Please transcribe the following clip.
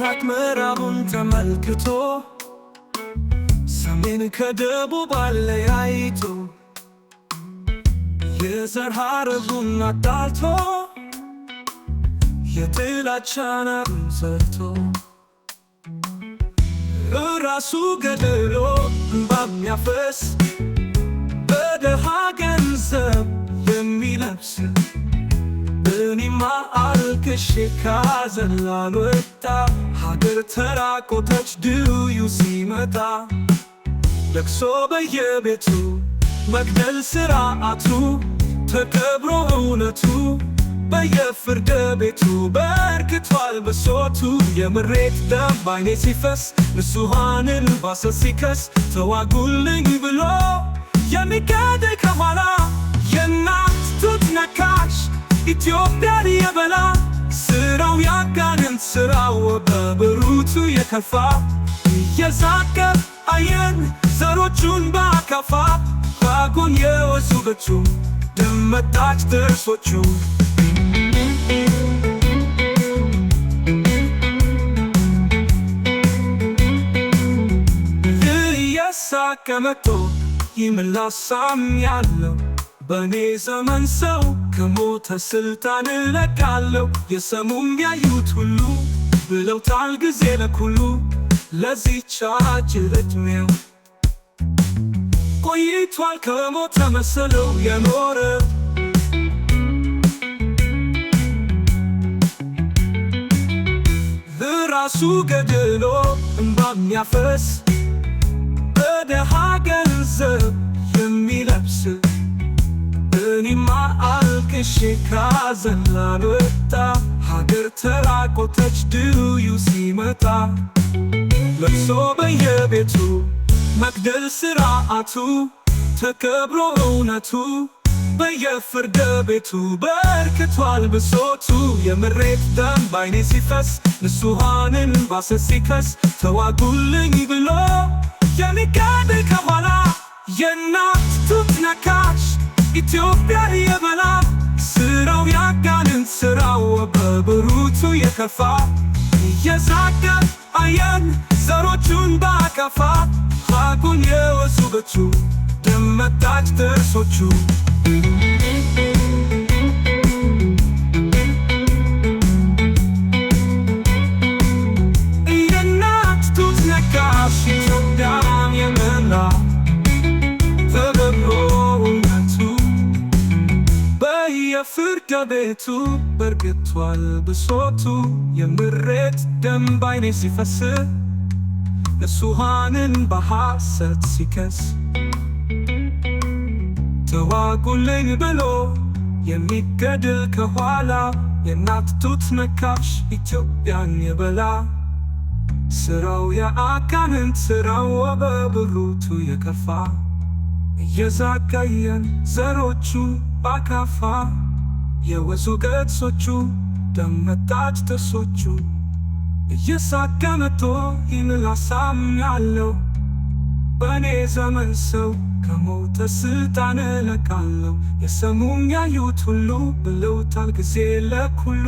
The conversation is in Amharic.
ምስራቅ ምዕራቡን ተመልክቶ ሰሜን ከደቡብ አለያይቶ የዘር ሐረጉን አጣልቶ የጥላቻ አናቱን ዘርቶ እራሱ ገድሎ እንባ የሚያፈስ በድሃ ገንዘብ የሚለብስ እኔማ አልቅሼ ካዘን ላልወጣ ሀገር ተራቆተች ድዩ ሲመጣ ለቅሶ በየቤቱ መግደል ስርዓቱ ተከብሮ እውነቱ በየፍርድ ቤቱ በርክቷል ብሶቱ የምሬት ደም ባይኔ ሲፈስ ንጹሐንን ባሰ ሲከስ ተዋጉልኝ ብሎ የሚገድ ከኋላ የእናት ጡት ነካሽ ኢትዮጵያን የበላ ስራው ያጋ የእጅ ስራው በብሩቱ የከፋ እየሳቀ አየን ዘሮቹን በአካፋ ባጎን የወሱበቹ ደም መጣች ጥርሶቹ እየሳቀ መጥቶ ይምላሳም ያለው በእኔ ዘመን ሰው ከሞተ ስልጣን እለቃለሁ የሰሙም ያዩት ሁሉ ብለውታል ጊዜ ለኩሉ ለዚች አጭር እድሜው ቆይቷል ከሞተ መሰለው የኖረ ራሱ ገድሎ እንባ የሚያፈስ በደሃ ገንዘብ የሚለብስ እኔማ ታግሼ ካዘን ላልወጣ ሀገር ተራቆተች ድዩ ሲመጣ ለብሶ በየቤቱ መግደል ስርዓቱ ተከብሮ እውነቱ በየፍርድ ቤቱ በርክቷል ብሶቱ። የምሬት ደም ባይኔ ሲፈስ ንጹሐንን ባሰ ሲከስ ተዋጉልኝ ብሎ የሚጋድ ከኋላ የእናት ጡት ነካሽ ኢትዮጵያ የበላ በብሩቱ የከፋ እየሳቀን አየን ዘሮቹን በአቀፋ ሀቁን የወሱ በቹ ደመጣች ጥርሶቹ ቤቱ በርግቷል ብሶቱ የምሬት ደም ባይኔ ሲፈስ ንጹሐንን በሐሰት ሲከስ ተዋጉልኝ ብሎ የሚገድል ከኋላ የእናት ጡት ነካሽ ኢትዮጵያን የበላ ስራው የአጋንንት ስራው ወበብሩቱ የከፋ እየዛጋየን ዘሮቹ ባካፋ የወዙ ገጾቹ ደም መጣጭ ጥርሶቹ እየሳቀ መጥቶ ይህንን አሳምናለሁ። በእኔ ዘመን ሰው ከሞተ ስልጣን እለቃለሁ። የሰሙኝ ያዩት ሁሉ ብለውታል ጊዜ ለኩሉ